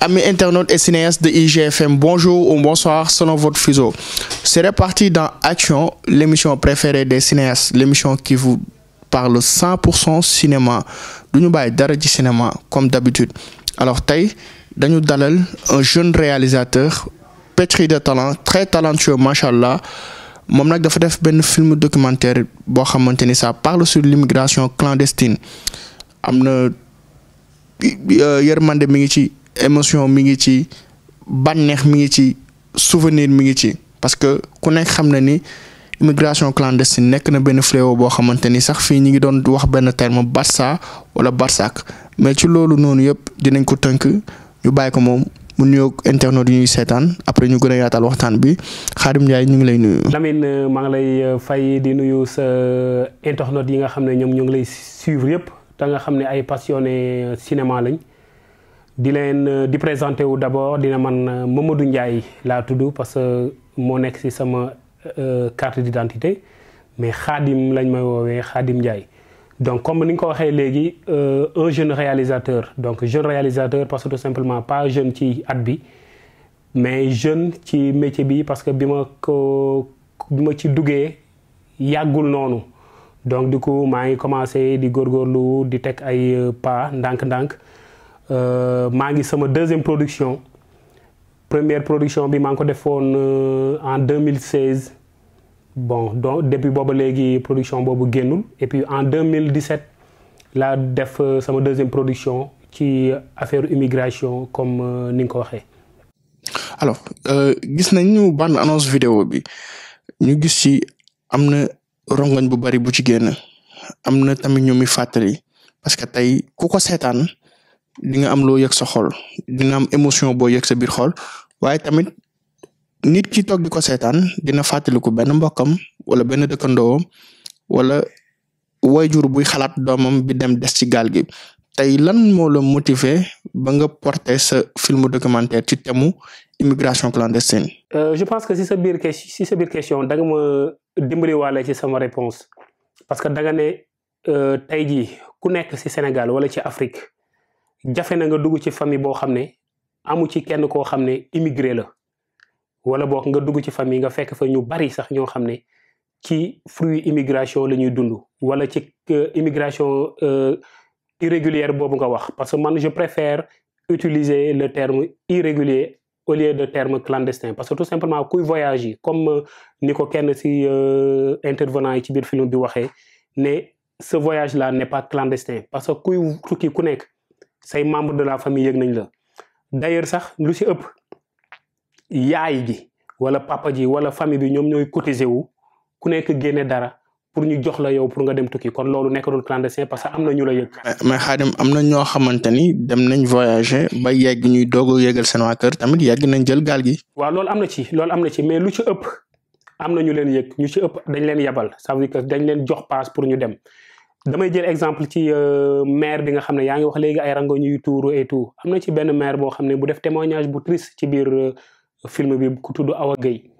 Amis internautes et cinéastes de IGFM, bonjour ou bonsoir selon votre fuseau. C'est reparti dans Action, l'émission préférée des cinéastes, l'émission qui vous parle 100% cinéma. Nous d'arrêt du cinéma, comme d'habitude. Alors, Tay, Daniel Dalal, un jeune réalisateur, pétri de talent, très talentueux, machallah. Mon nag dafa faire un film documentaire ça parle sur l'immigration clandestine am euh, émotion mi ngi ci banneex mi ngi ci souvenir mi ngi ci parce que ku nekk xam ne ni immigration clandestine nekk na benn fléau boo xamante ni sax fii ñu ngi doon wax benn terme Barça wala Barsak mais ci loolu noonu yëpp dinañ ko tënk ñu bàyyi ko moom mu nuyook internet yi seetaan après ñu gën a yaatal waxtaan bi Khadim Ndiaye ñu ngi lay nuyu. Lamine euh, maa ngi lay euh, fay di nuyu sa euh, internet yi nga xam ne ñoom ñoo ngi lay suivre yëpp te nga xam ne ay passionné cinéma lañ. di leen euh, di présenter wu d'abord dina man euh, Mamadou Ndiaye la tudu parce que mo nek ci sama euh, carte d'identité, mais Khadim lañ may wowe Khadim Ndiaye donc comme niñ ko waxé légui euh, un jeune réalisateur donc jeune réalisateur parce que tout simplement pas jeune ci at bi mais jeune ci métier bi parce que bima ko bima ci duggee yàggul nonou donc du coup maa ngi commencé di gorgorlu di tek ay pas dank dank euh, maa ngi sama deuxième production première production bi maa ko euh, en 2016 bon donc depuis bobo legi production bobo génnul et puis en 2017 laa def euh, sama deuxième production qui affaire immigration comme ni nga Alors, waxee. alors gis nañu bande annonce vidéo bi ñu gis ci am na rongoñ bu bari bu ci génn am na ñu mi fàttali parce que tey ku ko seetaan. di nga am loo yëg sa xol dina am émotion boo yëg sa biir xool waaye tamit nit ki toog di ko seetaan dina fàttaliku benn mbokkam wala benn dëkkandoowam wala way jur buy xalaat doomam bi dem des ci gaal gi tey lan moo la motiver ba nga porter sa film documentaire ci thème immigration clandestine. Euh, je pense que si sa biir question si sa biir question da nga ma ci sama réponse parce que da nga ne euh, tey jii ku nekk si Sénégal wala ci Afrique. jafe na nga dugg ci famille bo xamné amu ci kenn ko xamné immigré la wala bok nga dugg ci famille nga fekk fa ñu bari sax ño xamné ci fruit immigration la ñuy dund wala ci euh, immigration euh, irrégulière bobu nga wax parce que man je préfère utiliser le terme irrégulier au lieu de terme clandestin parce que tout simplement kuy voyage comme euh, niko kenn ci intervenant yi ci biir film bi waxé ne ce voyage là n'est pas clandestin parce que kuy tukki ku nekk say membre de la famille yëg nañ la d'ailleurs sax lu si ëpp yaay gi wala papa ji wala famille bi ñoom ñooy cotiser wu ku nekk génne dara pour ñu jox la yow pour nga dem tukki kon loolu nekkatul clandestin parce que am na ñu la yëg. mais Xaadim am na ñoo xamante ni dem nañ voyager ba yegg ñuy doog a yëgal seen waa kër tamit yegg nañ jël gaal gi. waaw loolu am na ci loolu am na ci mais lu ci ëpp am na ñu leen yëg ñu ci ëpp dañ leen yabal ça veut que dañ leen jox paas pour ñu dem damay jël exemple ci euh, maire bi nga xam ne yaa ngi wax léegi ay rango ñuy tuuru et am na ci benn maire boo xam ne bu def témoignage bu triste ci biir euh, film bi ku tudd Awa Gueye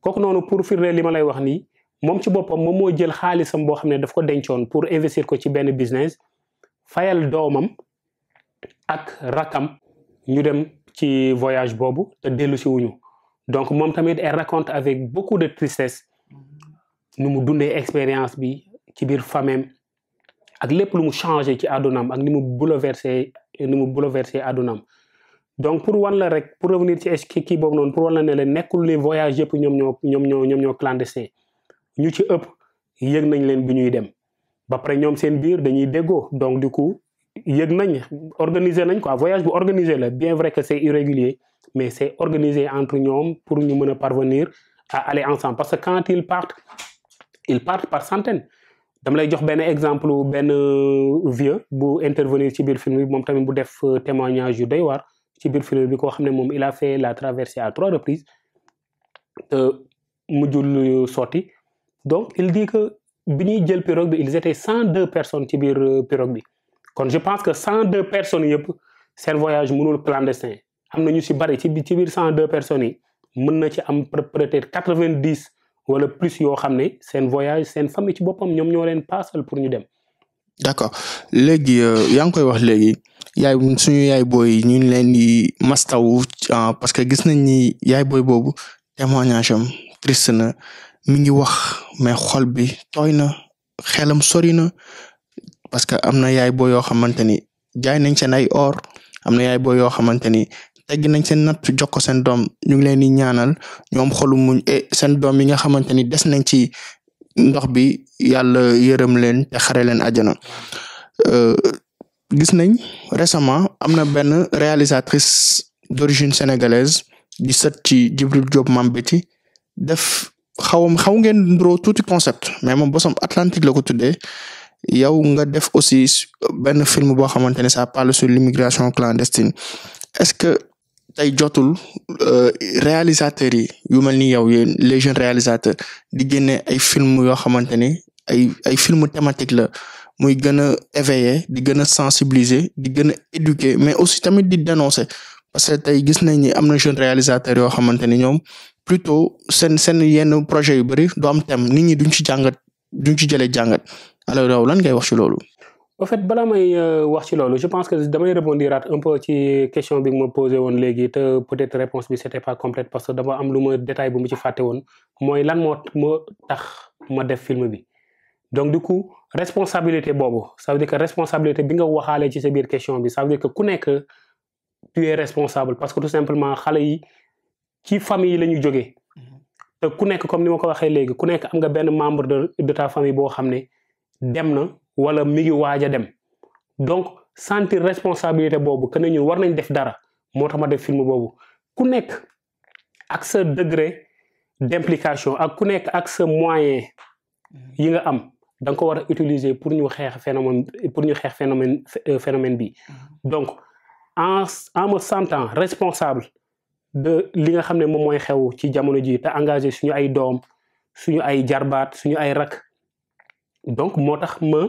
kooku noonu pour firndeel li ma lay wax nii moom ci boppam moom moo jël xaalisam boo xam ne daf ko dencoon pour investir ko ci benn business fayal doomam ak rakam ñu dem ci voyage boobu te dellu si wuñu donc moom tamit elle raconte avec beaucoup de tristesse nu mu dundee expérience bi ci biir famem ak ce lu mu changé ci àddunaam ak ni mu bouleversé ni bouleversé donc pour wan pour revenir ci ce qui est noonu pour wan la ne leen les voyages pour ñoom ñoo ñoom ñoo ñoom ñoo clandestin ñu ci ëpp yëg nañ leen bi ñuy dem ba pare ñoom seen biir dañuy donc du coup yëg nañ organisé nañ quoi voyage bu organisé bien vrai que c'est irrégulier mais c'est organisé entre nous pour nous mën parvenir à aller ensemble parce que quand ils partent ils partent par centaines vais vous jox un exemple ben vieux bu intervenir ci le film bi mom tamit bu def euh, témoignage yu doy war ci bir film bi ko xamne mom il a fait la traversée à trois reprises te a euh, soti donc il dit que y avait jël pirogue bi ils étaient 102 personnes ci bir pirogue bi je pense que 102 personnes c'est le voyage mënul clandestin amna ñu si bari ci bir 102 personnes yi mën na ci wala plus yoo xam ne seen voyage seen famille ci boppam ñoom ñoo leen paasal pour ñu dem. d' accord léegi euh, yaa ngi koy wax léegi yaay suñu yaay booy ñu ngi leen di mastawu ah, parce que gis nañ ni yaay booy boobu témoignage am triste na mi ngi wax mais xol bi tooy na xelam sori na parce que am na yaay booy yoo xamante ni jaay nañ seen ay or am na yaay booy yoo xamante ni teggi nañ seen natt jox ko seen doom ñu ngi leen di ñaanal ñoom xolu muñ e seen doom yi nga xamante ni des nañ ci ndox bi yàlla yërëm leen te xare leen àjjana eh, gis nañ récemment am na benn réalisatrice d'origine sénégalaise di set ci Djibril Diop Mambéty def xawam xaw ngeen nduroo tuuti concept mais moom bosom Atlantique la ko tuddee yow nga def aussi benn film boo xamante ne ça parle sur l'immigration clandestine est-ce que tay jotul euh, réalisateurs yi yu melni yow les jeunes réalisateurs di génne ay film yo xamanteni ay ay film thématique la muy gëna éveiller di gëna sensibiliser di gëna éduquer mais aussi tamit di dénoncer parce que tay gis nañ ni amna na jeune réalisateur yoo xamante plutôt sen sen yenn projet yu bari do am thème nit ñi duñ ci jàngat duñ ci jëlee jàngat alors yow lan ngay wax ci loolu au fait balaa may euh, wax ci je pense que damay rebondiraat un peu ci question bi ma posé woon léegi te peut-être réponse bi c'était pas complète parce que dama am lu ma détail bu mu ci fàtte woon mooy lan moo tax ma def film bi donc du coup responsabilité bobo. ça veut dire que responsabilité bi nga waxaale ci sa biir question bi ça veut dire que ku nekk tu es responsable parce que tout simplement xale yi ci famille la ñu jógee mm-hmm. te ku nekk comme ni ma ko waxee léegi ku nekk am nga membre de ta famille bobo, xam Demna wala mi ngi waaj dem donc sentir responsabilité boobu que ne ñun war nañ def dara moo tax ma def film boobu ku nekk ak sa degré d'implication ak ku nekk ak sa moyen yi nga am da nga ko war a utiliser pour ñu xeex phénomène pour ñu xeex phénomène euh, phénomène bi mm-hmm. donc en en me sentant responsable de li nga xam ne moom mooy xew ci jamono ji te engagé suñu ay doom suñu ay jarbaat suñu ay rak donc moo tax ma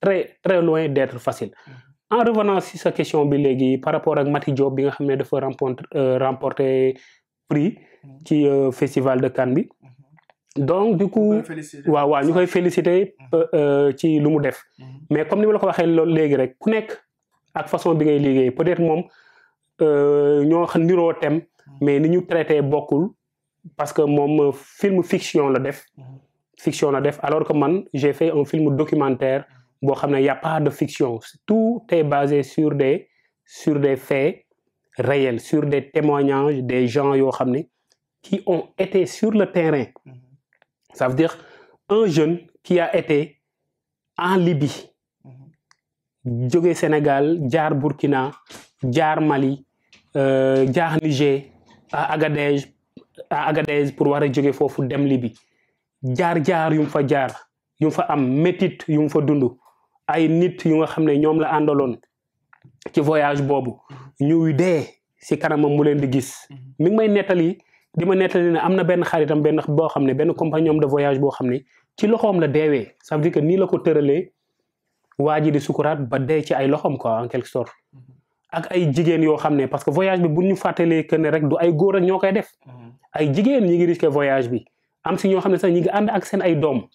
très très loin d'être facile. Mm-hmm. en revenant sur cette question par rapport à Mati Diop qui nga remporté le euh, remporter prix du mm-hmm. euh, festival de Cannes mm-hmm. donc du coup wa wa, nous koy féliciter euh, ci lu mais comme nous ma la ko waxee loolu rek façon de ngay peut-être moom nous avons niroo thème mais nous ñu traité beaucoup parce que mon film fiction la def fiction alors que moi j'ai fait un film documentaire il n'y y' a pas de fiction tout est basé sur des sur des faits réels sur des témoignages des gens qui ont été sur le terrain ça veut dire un jeune qui a été en Libye le Sénégal jaar Burkina jaar Mali euh, jaar Niger à Agadez à Agadez pour voir djogé fofu dem Libye Il a été fa jaar yum fa am métit yum ay nit yu nga xam ne ñoom la àndaloon ci voyage boobu ñuy dee si kanamam mu leen di gis mhm. mi ngi may nettali di ma nettali ne am na benn xaritam benn boo xam ne benn compagnon de voyage boo xam ne ci loxoom la deewee ça veut nii la ko tëralee waa ji di sukuraat ba dee ci ay loxoom quoi en quelque mhm. ak ay jigéen yoo xam ne parce que voyage bi bu ñu fàttalee que ne rek du ay góor a ñoo koy def mhm. ay jigéen ñi ngi risqué voyage bi am si ñoo xam ne sax ñi ngi ànd ak seen ay doom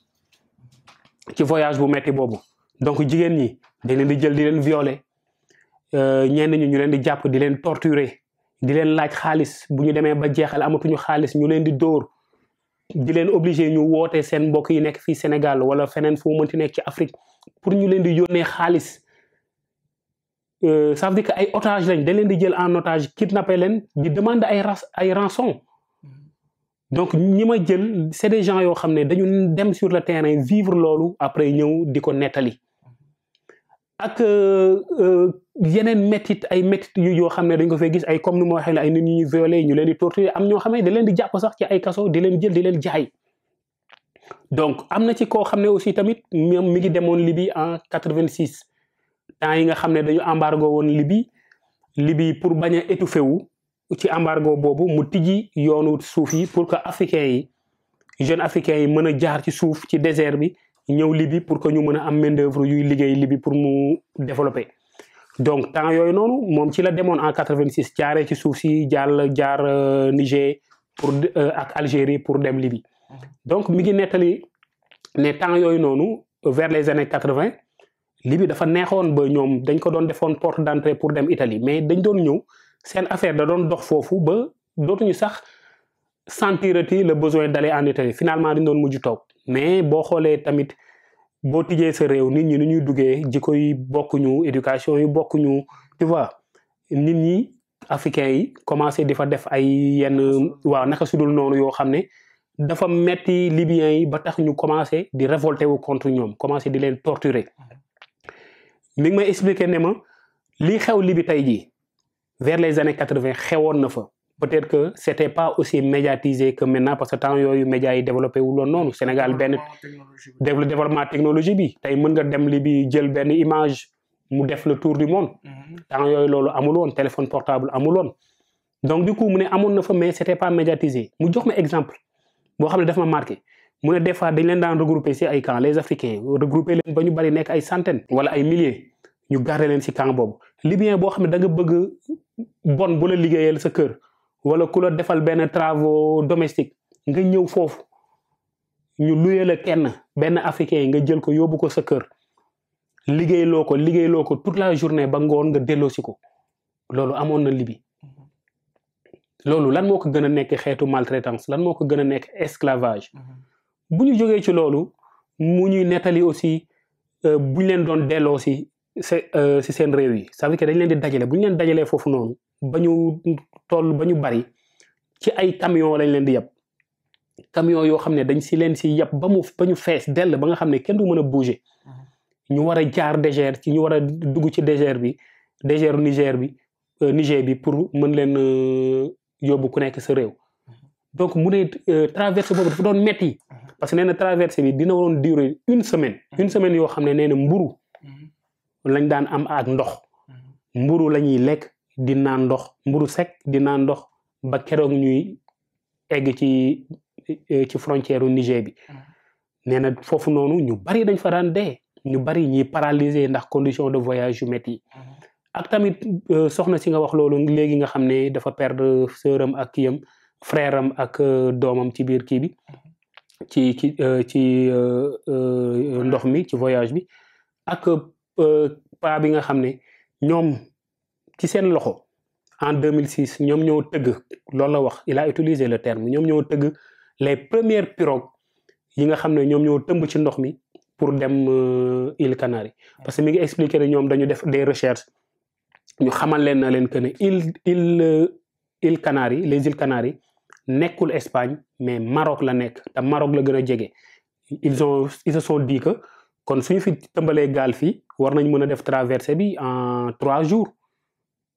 ci voyage bu metti boobu donc jigéen ñi dañ leen di jël di leen violer euh, ñenn ñi ñu leen di jàpp di leen torturer di leen laaj xaalis bu ñu demee ba jeexal amatuñu xaalis ñu leen di dóor di leen obligé ñu woté sen mbokk yi nek fi Sénégal wala fenen fu mënti nek ci Afrique pour ñu len di yónnee euh ça veut dire que ay otage lañ dañ len di jël en otage kidnapper len di demande ay ay rançon donc ñima jël c'est des gens yo xamné dañu dem sur le terrain vivre lolu après ñëw diko netali ak euh, euh, yeneen métit ay métit yu yoo xam ne dañ ko fee gis ay comme ni ma waxee ay nit ñu ñuy violé ñu leen di torturer am ñoo xam ne da leen di jàpp sax ci ay kaso di leen jël di leen jaay donc am na ci koo xam ne aussi tamit moom mi ngi demoon Libye en quatre-vingt-six temps yi nga xam ne dañu embargo woon Libye Libye pour bañ a étouffé wu ci embargo boobu mu tijji yoonu suuf yi pour que africains yi jeunes africains yi mën a jaar ci suuf ci désert bi ñëw Libye pour que ñu mën a am main d'œuvre yuy liggéey Libye pour mu développer donc temps yooyu noonu moom ci la demoon en 86 jaaree ci suuf si jàll jaar euh, Niger pour euh, ak Algérie pour dem Libye donc mi ngi nettali ne temps yooyu noonu vers les années 80 Libye dafa neexoon ba ñoom dañ ko doon defoon porte d'entrée pour dem Italie mais dañ doon ñëw seen affaire da doon dox foofu ba dootuñu sax sentirati le besoin d'aller en Italie finalement dañ doon mujj toog mais si xolé tamit bo tijé sa éducation tu vois nit africains yi commencé difa def ay yenn naka sudul libyens yi ba tax révolter contre ñom commencé di les torturer mi ngi may expliquer Libye vers les années 80, peut-être que c'était pas aussi médiatisé que maintenant parce que temps yooyu médias yi développé wu loon Sénégal Sénégal benn développement technologie bi tay mën nga dem li bi jël ben image mu def le tour du monde mhm. temps yooyu lolu amul won téléphone portable amul won donc du coup mu ne amoon na fa mais c'était pas médiatisé mu jox ma exemple bo xamné daf ma marqué mu ne des fois dañ leen dan regrouper ci ay camp les africains regrouper leen ba ñu bari nek ay centaines wala ay milliers ñu garder leen ci camp boobu libyen bo xamné da nga bëgg bon bu la liggéeyal sa cœur wala ku la defal benn travaux domestique nga ñëw foofu ñu luyee la kenn benn africain nga jël ko yóbbu ko sa kër liggéeyloo ko liggéeyloo ko tout la journée ba ngoon nga delloosi ko loolu amoon na libi loolu lan moo ko gën a nekk xeetu maltraitance lan moo ko gën a nekk esclavage mhm. bu ñu jógee ci loolu mu ñuy nettali aussi euh, bu ñu leen doon delloo si euh, si seen réew yi ça veut que dañ leen di dajale bu ñu leen dajalee foofu noonu bañu ñu toll bari ci ay camion lañ leen di yab camion yo xam dañ ci leen si yab ba mu bañu fess del ba nga xam ne kenn du meuna bouger mhm. ñu wara a jaar DGR ci ñu wara a dugg ci déger bi déger Niger bi euh, Niger bi pour mën leen euh, yobbu ku nekk sa rew mhm. donc mu ne euh, traverser boobu dafa doon metti mhm. parce que nee na traverser bi dina waroon durer une semaine une semaine yoo xam ne nee na mburu lañ daan am ak ndox mburu la lekk di ndox mburu sec di naan ndox ba keroog ñuy egg ci ci frontière Niger bi mm. nee na foofu noonu ñu bari dañ fa de ñu bari ñi paralysé ndax condition de voyage yu mm. ak tamit euh, soxna si nga wax loolu léegi nga xam ne dafa perdre sœuram ak kiyam frère ak euh, doomam ci biir kii bi mm-hmm. ci ci euh, ci ndox mi ci voyage bi ak paa bi nga xam ne ñoom ci sen loxo en 2006 ñom ñoo teug loolu wax il a utilisé le terme ñom ñoo teug les premières pirogues yi nga xam ñom ñoo tëmb ci ndox mi pour dem euh, île Canaries parce que mi ngi expliqué ne ñom dañu def des recherches ñu xamal leen na leen que ne île île euh, Canaries les îles Canaries nekul Espagne mais Maroc la nek ta Maroc la gëna a ils ont ils se sont dit que kon suñu fi teumbalé gal fi war nañ mëna def traversée bi en trois jours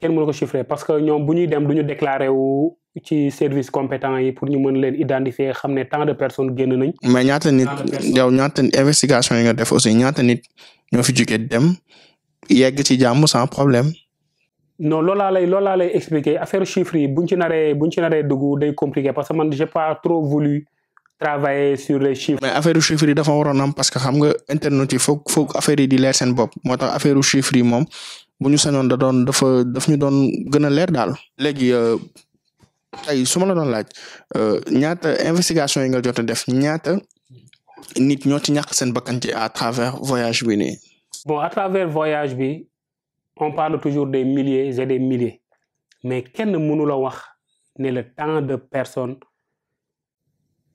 kenn mënu ko chiffrer parce que ñoom bu ñuy dem duñu déclarer wu ci service compétent yi pour ñu mën leen identifier xam ne tant de personnes génn nañ. mais ñaata nit yow ñaata investigation yi nga def aussi ñaata nit ñoo fi jógee dem yegg ci jàmm sans problème. non loolaa lay loolaa lay expliquer affaire chiffres yi buñ ci naree buñ ci naree dugg day compliqué parce que man j'ai pas trop voulu travailler sur les chiffres. mais affaire chiffres yi dafa waroon am parce que xam nga internet yi foog foog affaire yi di leer seen bopp moo tax affaire chiffres yi moom buñu sañon da doon dafa daf ñu doon gëna a leer daal léegi euh, tey su la doon laaj euh, ñaata investigation yi nga jot a def ñaata nit ñoo ci ñàkk seen bakkan ci à travers voyage bi bon à travers voyage bi on parle toujours des milliers et des milliers mais kenn mënu la wax ne le temps de personne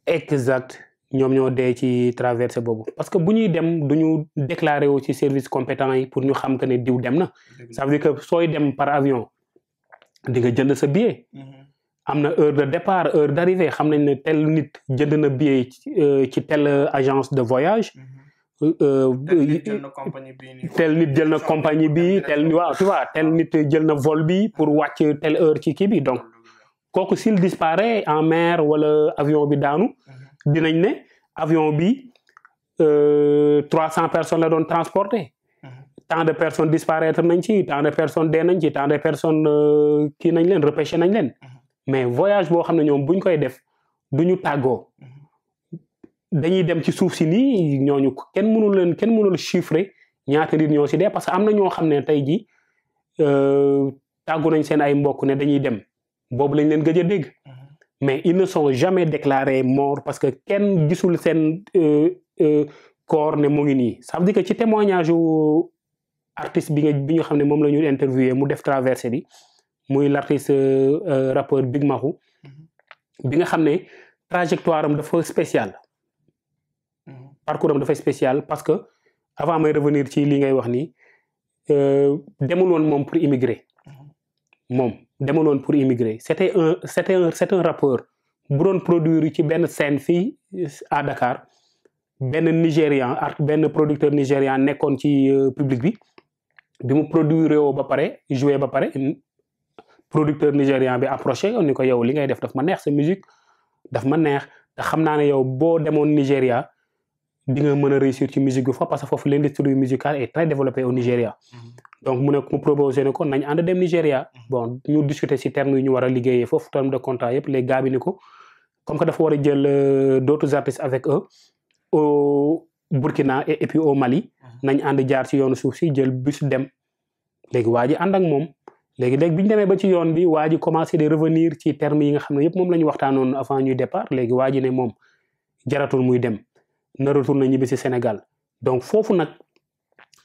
exact ñom ñoo dé ci traverser bobu parce que buñuy dem duñu déclarer déclaré wu ci service compétent yi pour ñu xam que ne diw dem na. ça veut dire que soy dem par avion di nga jënd sa billet. Mm-hmm. am na heure de départ heure d'arrivée xam nañ né tel nit jënd na billet ci euh, telle euh, agence de voyage. Mm-hmm. Euh, tel nit jël na compagnie bi tel waaw tu vois tel nit jël na vol bi pour wacc tel heure ci ki bi donc kooku s'il disparaît en mer wala avion bi daanu. Mm-hmm dinañ avion bi 300 euh, personnes la transporter mhm. tant de personnes disparaître tant de personnes dé tant de personnes qui euh, nañ len repêcher mhm. mais voyage bo ne buñ koy def duñu mhm. dañuy dem ci souf ci mënul mënul chiffrer ñoo parce que amna ñoo euh, nañ dañuy mais ils ne sont jamais déclarés morts parce que Ken gisul euh, euh, corps ne mu ngi ça veut dire que ci témoignage artiste bi nga bi nga xamné mom interviewé mu def traversé bi muy euh, euh, rappeur Big Mahou mhm. bi nga xamné trajectoire am dafa spécial mhm. parcours am dafa spécial parce que avant may revenir ci li ngay wax nii euh, demul woon mom pour immigrer mom mhm demonoon pour immigrer c'était un c'était un c'est un rappeur bu doon produire ci benn scène fii à Dakar ben Nigérian ben producteur Nigérian nekkoon ci euh, public bi bi mu produire woo ba pare joué ba pare producteur Nigérian bi approché ni ko yow li ngay def daf ma neex sa musique daf ma neex te xam naa ne yow boo demoon Nigéria di nga mën réussir ci musique bi parce que foofu l'industrie musicale est très développée au Nigeria mm-hmm donc mu ne mu proposé ne ko nañ ànd dem nigeria mhm. bon ñu discuter si terme yu ñu war a liggéeyee foofu terme de contrat yëpp les gars bi ni ko comme que dafa war a jël euh, d'autres artistes avec eux au Burkina et et puis au Mali. Mhm. nañ ànd jaar si yoonu suuf si jël bus dem léegi waa ji ànd ak moom. léegi léegi bi ñu demee ba ci yoon bi waa ji commencé de revenir ci terme yi nga xam ne yëpp moom la ñu waxtaanoon avant ñuy départ léegi waa ji ne moom jaratul muy dem na retourné ñibbi si Sénégal donc foofu nag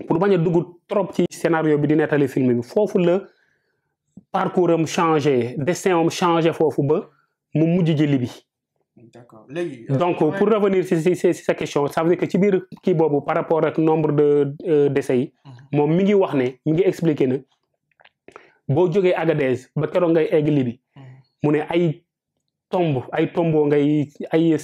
pour baña a dugg trop ci scénario bi di netali film bi fofu le parcoursum am changé destin am changé foofu ba mu mujj ji bi d'accord léegi euh, donc pour revenir si si si sa question ça veut dire que ci bir ki bobu par rapport ak nombre de euh, décès yi mhm. moom mi ngi wax né mi ngi expliqué na boo jógee Agadez ba kéro ngay egg libi mhm. mu ne ay tombe ay tombo ngay ay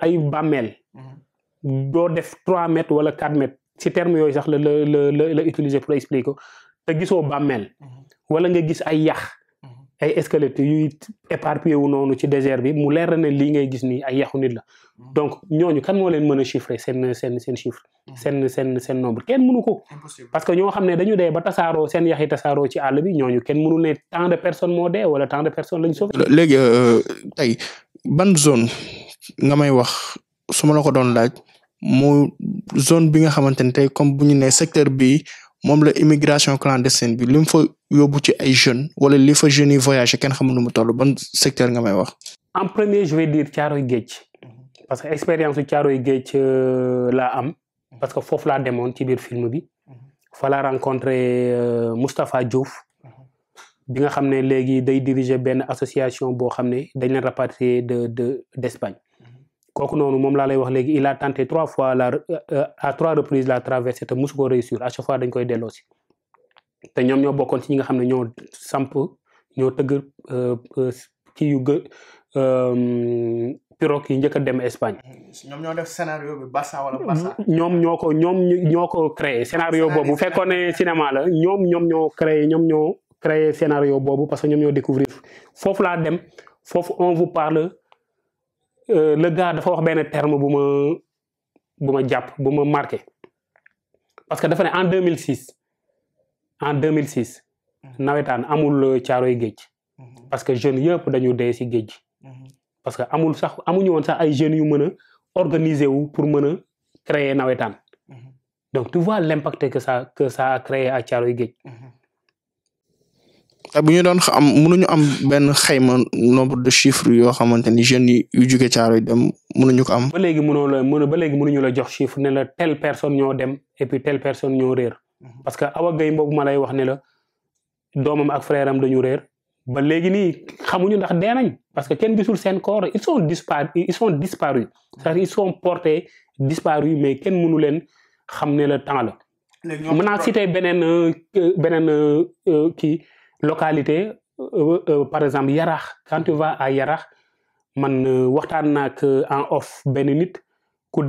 ay bàmmeel mhm. do def 3 mètres wala 4 mètres ci terme yooyu sax la la la la utiliser pour expliquer ko te gisoo bàmmeel mm-hmm. wala nga gis ay yax mm-hmm. ay squelette yuy éparpillé wu noonu ci désert bi mu leer ne lii ngay gis nii ay yaxu nit la mm-hmm. donc ñooñu kan moo leen mën a chiffrer seen seen seen chiffre seen seen seen nombre kenn mënu ko parce que ñoo xam ne dañu dee ba tasaaroo seen yax yi tasaaroo ci àll bi ñooñu kenn mënu ne tant de personnes moo dee wala tant de personnes lañ sauver. léegi euh, tey ban zone nga may wax su ma la ko doon laaj zone bi nga comme secteur bi clandestine bi jeunes jeunes en premier je vais dire Caaroy parce que l'expérience de Caaroy euh, la parce que faut la ci film bi fa la rencontrer, euh, Mustapha Diouf bi nga association de d'Espagne kooku noonu mom la lay wax legui il a tenté trois fois la euh, à trois reprises la traversée te mosu réussir à chaque fois dañ koy delloo si te ñom ñoo bokkon ci nga xamné ñoo samp ñoo tëgg euh, euh, kii yu euh pirok yi njëkk dem Espagne. ñom ñoo def scénario bi bassa wala bassa ñom ñoko ñom ñoko créer scénario bobu fekkone cinéma la ñom ñom ñoo créer ñom ñoo créer scénario bobu parce que ñom ñoo découvrir fofu la dem fofu on vous parle. Euh, le gars dafa wax ben terme buma ma me buma marqué parce que dafa en 2006 en 2006 mhm. nawétane amul euh, caaroy géej mhm. parce que jeunes yëpp dañu dé si géej mhm. parce que amul sax amuñu sax ay jeunes yu mën pour créer nawétane donc tu vois l'impact que ça que ça a créé à caaroy Euh, bu ñu doon am mënuñu am benn xayma nombre de chiffres yoo xamante ni jeune yi yu jóge caaro yi dem mënuñu ko am. ba léegi mënoo la mën ba léegi mënuñu la jox chiffre ne la telle personne ñoo dem et puis telle personne ñoo réer mhm. parce que Awa Gueye boobu ma lay wax ne la doomam ak frère am dañu réer ba léegi nii xamuñu ndax dee parce que ken bisul seen corps ils son disparus ils sont porté cest à mais kenn mënu leen xam ne la temps la. beneen euh, beneen euh, kii. localité euh, euh, euh, par exemple quand tu vas à Yarax man en off nit ku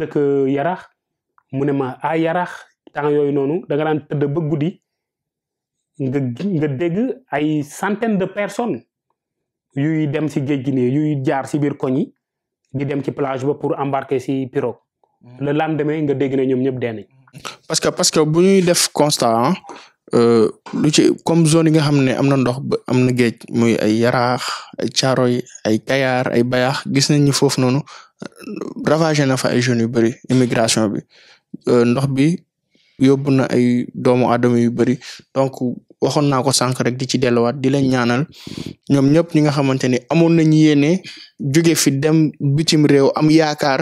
Yarax à ah, Yarax temps yoy nonou da nga teud ba centaines de personnes yuy dem si si di plage pour embarquer ci pirogue mm. le lendemain nga ne ñom ñep parce que parce que bu ñuy def hein, Euh, lu ci comme zone yi nga xam ne am na ndox ba am na géej muy ay yaraax ay caaroy ay kayaar ay bayax gis nañ ni foofu noonu ravagé na fa ay jeunes yu bëri immigration bi euh, ndox bi yóbbu na ay doomu aadama yu bëri donc waxoon naa ko sànq rek di ci delluwaat di leen ñaanal ñoom ñëpp ñi nga xamante ni amoon nañu yéene jóge fi dem bitim réew am yaakaar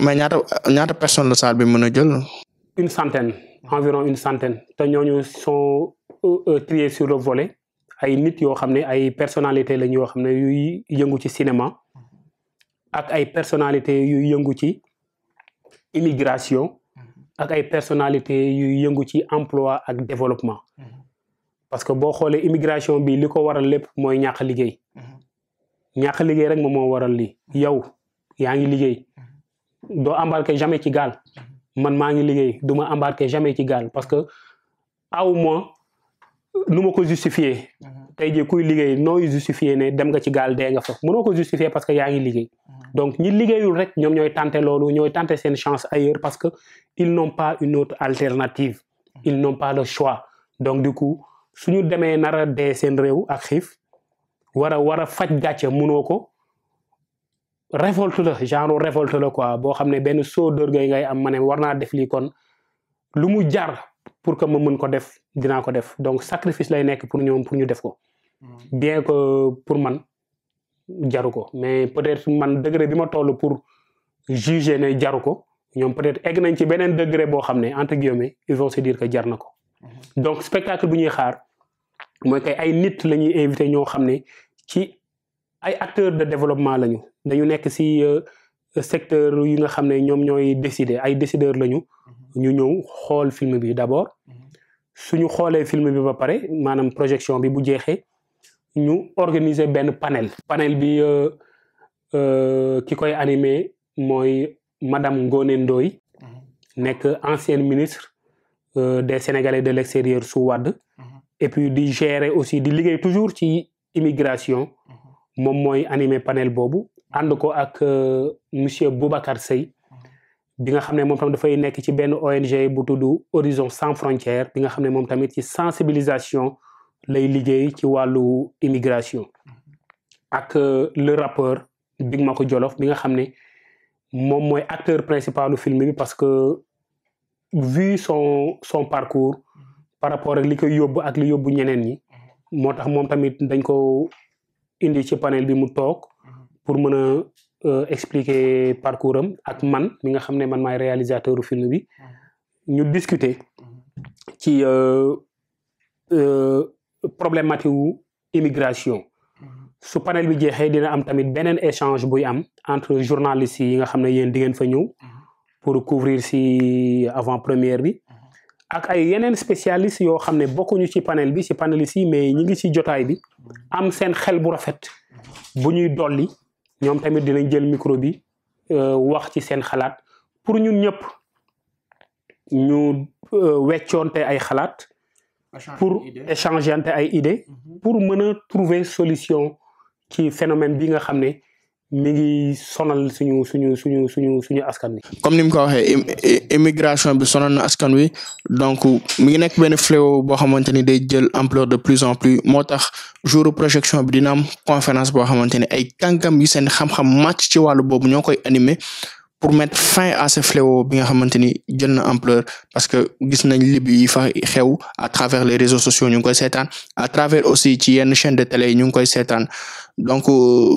mais y a personne la salle bi une centaine environ une centaine Nous sommes euh, euh, triés sur le volet ay nit yo xamné ay personnalité lañ ci cinéma ak ay personnalité yu yëngu ci immigration ak ay personnalité yu yëngu ci emploi ak développement parce que bo xolé immigration bi liko waral lepp moy liggéey mhm. liggéey rek mo mo waral li yow Do embarquer jamais ci gal man je embarquer jamais ci parce que aw nous ne ko justifier tay kuy liguey justifier ne dem nga ci nga fa justifier parce que ngi donc ñi rek tenter chance ailleurs parce que ils n'ont pas une autre alternative ils n'ont pas le choix donc du coup suñu nous a sen ak révolte la genre révolte la quoi bo xamné ben benn saut d'orgueil ngay am mané warna def li kon lu mu jar pour que ma mën ko def dina ko def donc sacrifice lay nek pour ñom pour ñu def ko. Hmm. bien que pour man jaru ko mais peut-être man degré bima ma toll pour juger né jaru ko ñoom peut-être egg nañ ci benen degré bo xamné entre guillemets ils vont se dire que jar na ko. Hmm. donc spectacle bu ñuy xaar moy kay ay nit lañuy ñuy invité ñoo xam ci ay acteurs de développement lañu dañu nekk si euh, secteur yi nga xam ne ñoom ñooy décider ay décideurs lañu mhm. ñu ñëw xool film bi d'abord mhm. suñu xoolee film bi ba pare maanaam projection bi bu jeexee ñu organiser benn panel. panel bi euh, euh, ki koy animé mooy madame ngone ndoy mhm. nekk ancienne ministre des Sénégalais de l'extérieur sous Wade et puis di gérer aussi di liggéey toujours ci immigration moom moy animé panel bobu and ko ak euh, monsieur Boubacar Sey bi nga xamné mom moom da fay nek ci ben ONG bu tudd Horizon Sans Frontières bi nga xamné mom tamit ci sensibilisation lay liggéey ci walu immigration ak euh, le rappeur Big Mako Jolof bi nga xamné mom moy acteur principal du film bi parce que vu son son parcours par rapport ak li koy yobbu ak li yobbu ñeneen ñi motax mom tamit dañ ko indi ci panel bi mu toog pour mën a euh, expliquer parcours am ak man mi nga xam ne man maay réalisateur film bi ñu discuter ci euh, euh, problématique immigration su panel bi jeexee dina am tamit beneen échange buy am entre journalistes yi nga xam ne yéen di ngeen fa ñëw pour couvrir si avant première bi ak ay yeneen spécialiste yoo xam ne bokkuñu ci panel bi ci panel ici mais ñi ngi ci jotaay bi am seen xel bu rafet bu ñuy dolli ñom tamit dinañ jël micro bi euh wax ci seen xalaat pour ñun ñëpp ñu euh, weccoonte ay xalaat pour échanger ay idées mhm. pour mën trouver solution ci phénomène bi nga xamné mi ngi sonal suñu suñu suñu suñu suñu askan wi. comme ni ko waxee immigration bi sonal na askan wi donc mi ngi nek ben fléau bo xamanteni day jël ampleur de plus en plus motax jour projection bi dina am conférence bo xamanteni ay kàngam yi seen xam-xam match ci walu bobu ñokoy animer pour mettre fin à ce fléau bi nga xamanteni jël na ampleur parce que gis nañ lib yi fa xew à travers les réseaux sociaux ñu koy sétane à travers aussi ci yenn chaîne de télé ñu koy sétane donc. Euh,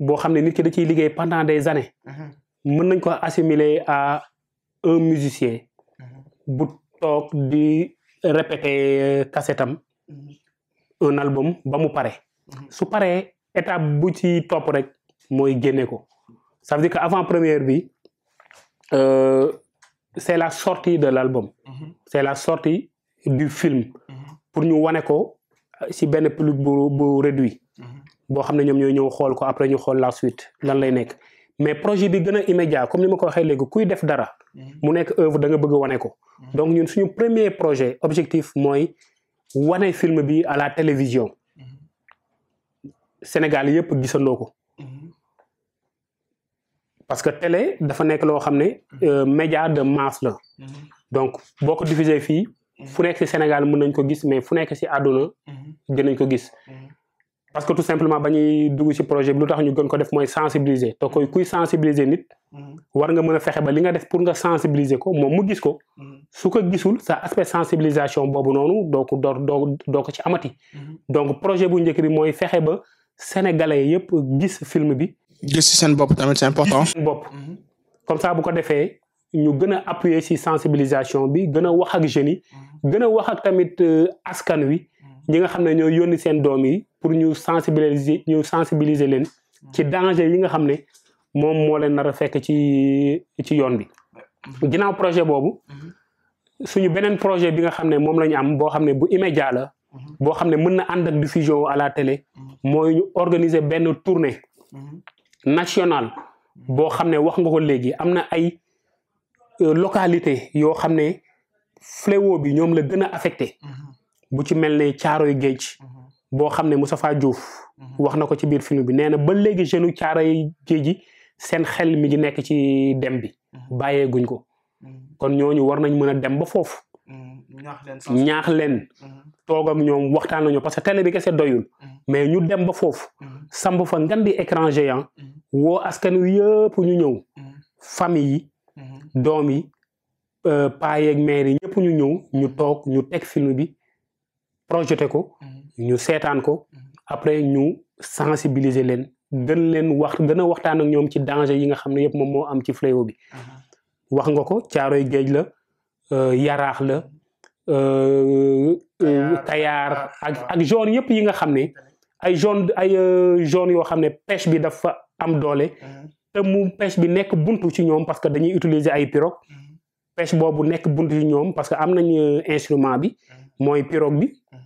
bo xamné nit ki da ciy liggéey pendant des années. Mhm. mën nañ ko assimiler à un musicien. Mhm. bu toog di répéter euh, cassette mhm. un album ba mu pare. su pareil, étape bu ci topp rek mooy génne ko ça veut dire que avant première vie, euh, la sortie de l'album. C'est la sortie du film. pour ñu wane ko si benn public bu bu réduit bo xamné ñom ñoy ñew xol ko après ñu xol la suite lan lay nek mais projet bi gëna immédiat comme ni ma ko waxee léegi kuy def dara mhm. mu nek œuvre da nga bëgg wané ko mhm. donc ñun suñu premier projet objectif moy wané film bi à la télévision mhm. Sénégal yépp gisandoo parce que télé dafa nek lo xamné euh, média de masse la donc boko diffuser fi fu nek ci Sénégal mën nañ ko giss mais fu nek ci aduna dinañ ko giss parce que tout simplement ba ñuy dugg ci projet bi lu tax ñu gën ko def moy sensibiliser te koy kuy sensibiliser nit. Mhm. war nga mëna fexé ba li nga def pour nga sensibiliser ko moom mu gis ko. Mhm. su ko gisul sa aspect sensibilisation bobu noonu donc do do ko ci amati. Mhm. donc projet bu njëkk bi mooy fexe ba sénégalais yépp gis film bi. gis ci seen bopp tamit c'est important. bop comme ça bu ko défé ñu gën a appuyer ci sensibilisation bi gën a wax ak jeunes yi. gën a wax ak tamit euh, askan wi ñi nga xamné ñoo yoni seen doom yi pour ñu sensibiliser ñu sensibiliser leen ci mm-hmm. danger yi nga xamné mom mo moo leen nar fekk ci ci yoon bi. Mm-hmm. ginaaw projet bobu mm-hmm. suñu benen projet bi nga xamné mom lañ am bo xamné bu immédiat la bo xamné ne and ak diffusion à la télé moy ñu organiser benn tournée nationale bo xamné wax nga ko légui amna ay euh, localité yo xamné ne fléau bi ñom la gëna a affecté bu ci mel ne caaroy géej mhm. boo xam ne Moustapha Diouf mhm. wax na ko ci biir film bi nee na ba léegi jeune caaroy géej yi seen xel mi ngi nekk ci dem bi mhm. bàyyeeguñ ko kon ñooñu war nañ mën a dem ba foofu ñaax leen toogam ñoom waxtaan nañu parce que télé bi kese doyul mais ñu dem ba foofu samb fa ngan di écran géant woo askan wi yëpp ñu ñëw famille yi doom yi euh, paa yeeg yi ñëpp ñu ñëw ñu toog ñu teg film bi projeté ko mm-hmm. ñu seetaan ko mm-hmm. après ñu sensibiliser leen gën leen wax gën a waxtaan ak ñoom ci danger yi nga xam ne yëpp moom moo am ci fléau bi mm-hmm. wax nga ko caaroy géej la euh, yaraax la Kayar euh, euh, ak ak zone yëpp yi nga xam ne ay zone ay zone yoo xam ne pêche bi dafa am doole te mu pêche bi nekk buntu ci ñoom parce que dañuy utiliser ay pirogue pêche boobu nekk buntu ci ñoom parce que am nañu instrument bi mooy pirogue bi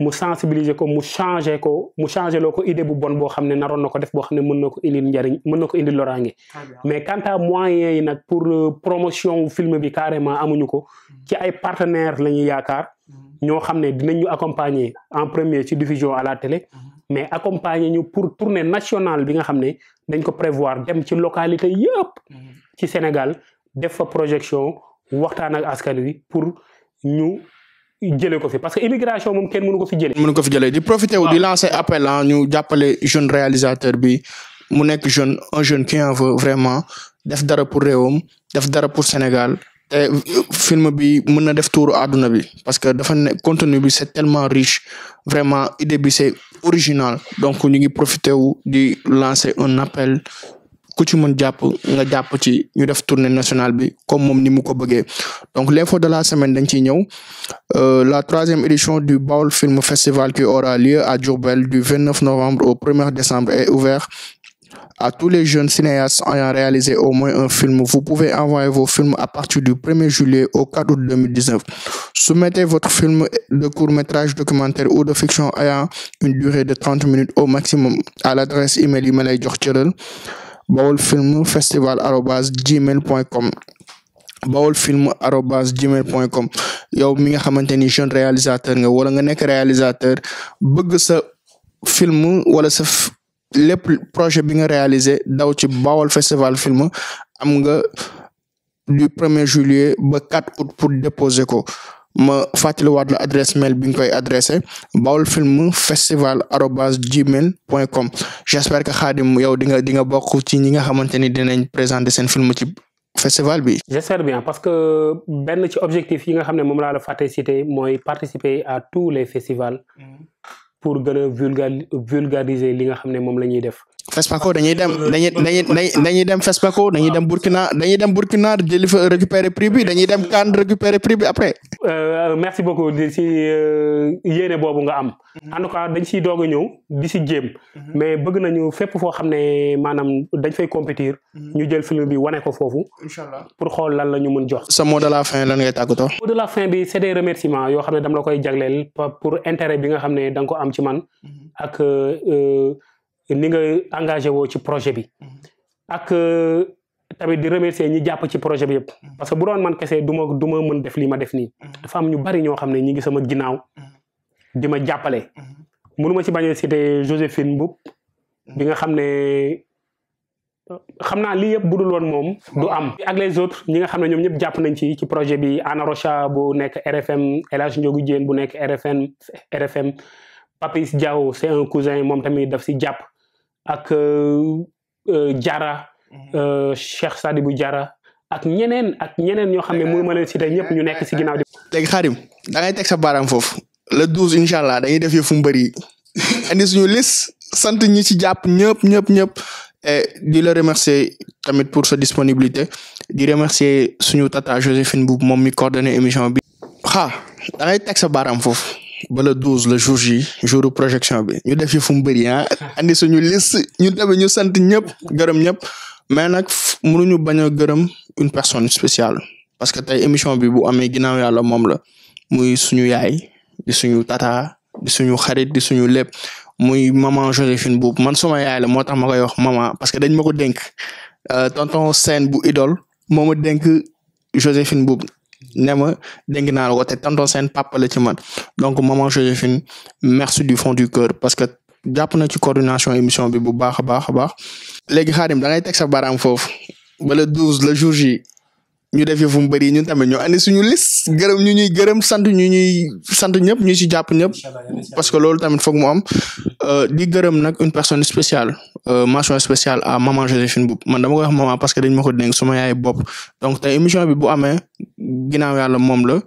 mu sensibiliser ko mu changer ko mu changer loko idée bu bonne bo xamné ne naroon ko def bo xamné mën nako ko indil njariñ mën nako indi indil mais quant à moyen yi nag pour promotion film bi carrément amuñu ko mm-hmm. ci ay partenaires lañu yaakar mm-hmm. ño xamné xam dinañ ñu accompagner en premier ci diffusion à la télé mm-hmm. mais accompagner ñu pour tournée nationale bi nga xamné dañ ko prévoir dem ci localité yépp ci Sénégal def fa projection waxtaan ak askan wi pour ñu parce que immigration moom kenn mënu ko fi jëlee. mënu ko fi jëlee di profiter wu di ah. lancer appel à ah, ñu jàppale jeune réalisateur bi mu nekk jeune un jeune qui en veut vraiment def dara pour réewam def dara pour Sénégal te film bi mën def tuuru àdduna bi parce que le contenu bi c'est tellement riche vraiment idée bi c'est original donc ñu ngi profité di lancer un appel donc l'info de la semaine dañ euh, la troisième édition du Baul Film Festival qui aura lieu à Djourbel du 29 novembre au 1er décembre est ouvert à tous les jeunes cinéastes ayant réalisé au moins un film. Vous pouvez envoyer vos films à partir du 1er juillet au 4 août 2019. Soumettez votre film de court-métrage, documentaire ou de fiction ayant une durée de 30 minutes au maximum à l'adresse email email bawol film festival arobase gmail point com bawol film arobase gmail point com yow mi nga xamante ni jeune réalisateur nga wala nga nekk réalisateur bëgg sa film wala sa lépp projet bi nga réalisé daw ci bawol festival film am nga du premier juillet ba 4 août pour déposé ko ma fàttaliwaat la adresse mail bi nga koy adressé bawol j'espère que Khadim yow di nga di nga bok ci ñi nga xamanteni dinañ présenter seen film ci festival bi. j'espère bien parce que ben ci objectif yi nga xam mom la la fàtte cité moy participer à tous les festivals mm. pour gëna vulgariser li nga xam mom lañuy la ñuy def. Fespaco dañuy dem dañuy dañuy dañuy dem Fespaco dañuy dem Burkina dañuy dem Burkina jëli fa récupérer prix bi dañuy dem CAN récupérer prix bi après. Euh, euh, merci beaucoup di si euh, yéene boobu nga am. Mhm. en tout cas dañ siy doog ñëw di si jéem. Mhm. mais bëgg nañu fépp foo xam ne maanaam dañ fay compétir. Mhm. ñu jël film bi wane ko foofu. incha allah pour xool lan la ñu mën jox. sa mot de la fin lan ngay tàggatoo. a de la fin bi c' est des remerciements yoo xam ne dama la koy jagleel pour intérêt bi nga xam ne da nga ko am ci ak. ni nga engagé woo ci projet bi mm-hmm. ak euh, tamit di remercier ñi jàpp ci projet bi yëpp mm-hmm. parce que bu doon man kese du ma du ma mën def lii ma def nii mm-hmm. dafa ñu bari ñoo xam ne ñu ngi sama ginnaaw di ma jàppale mënu ci bañ a citer Joséphine Mboup bi nga xam ne xam naa lii yëpp bu dul woon moom du am ak les autres ñi nga xam ne ñoom ñëpp jàpp nañ ci ci projet bi Anna Rocha bu nekk RFM El Hadj Ndiogou bu nekk RFM RFM Papis Diaw c'est un cousin moom tamit daf si jàpp ak euh, euh, Jara. Mhm. Euh, Cheikh Sadibou Jara ak ñeneen ak ñeneen ñoo xam ne mënu ma leen citer ñëpp ñu nekk si ginnaaw di. léegi Xaadim da ngay teg sa baaraam foofu le douze incha allah dañuy def yëfu mbëri andi suñu liste sant ñi ci jàpp ñëpp ñëpp ñëpp di la remercier tamit pour sa disponibilité di remercier suñu tata Joséphine Boub moom mi coordonné émission bi. xa da ngay teg sa baaraam foofu. bala 12, le jour jour de projection bi ñu def yi fu mu un andi suñu liste ñu ñu sant ñëpp gërëm ñëpp mais nak mënuñu gërëm une personne spéciale parce que tay émission bi bu amé ginaaw yàlla mom la muy suñu yaay di suñu tata di suñu xarit di suñu lepp muy maman Joséphine Boub man sama yaay maman parce que dañ mako denk euh tonton bu idole moma ne ma dégg naa la ko te tonton papa ci man donc maman Joséphine merci du fond du cœur parce que japp na ci coordination émission bi bu baax a baax a baax léegi Xaadim da ngay sa ba le douze le jour ji ñu defee fu mu ñun tamé ñu andi suñu liste gërëm ñu ñuy gërëm sant ñu ñuy sant ñëpp ci ñëpp parce que mu am euh, gërëm une personne spéciale euh, mention spéciale à maman Boub man dama vous wax maman parce que dañ donc émission bi bu nous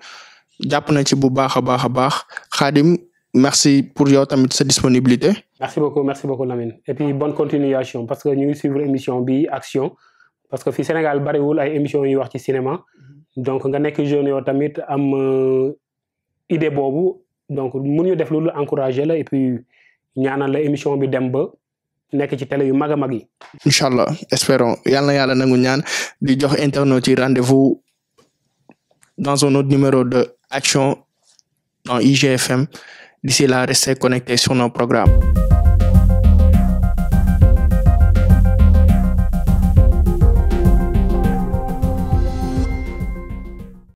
la na ci bu a baax Khadim merci pour yow disponibilité. merci beaucoup merci beaucoup Lamine et puis bonne continuation parce que nous émission action parce que fi Sénégal bariwul ay émissions yu wax ci cinéma mhm. donc nga nek jeune yo tamit am euh, idée bobu donc je vous def loolu encourager la et puis ñaanal la émission bi dem ba nek ci télé yu mag a yi. espérons yalla yalla yàlla nangu ñaan di jox ci rendez-vous dans un autre numéro de Action dans IGFM d'ici là restez connectés sur nos programmes.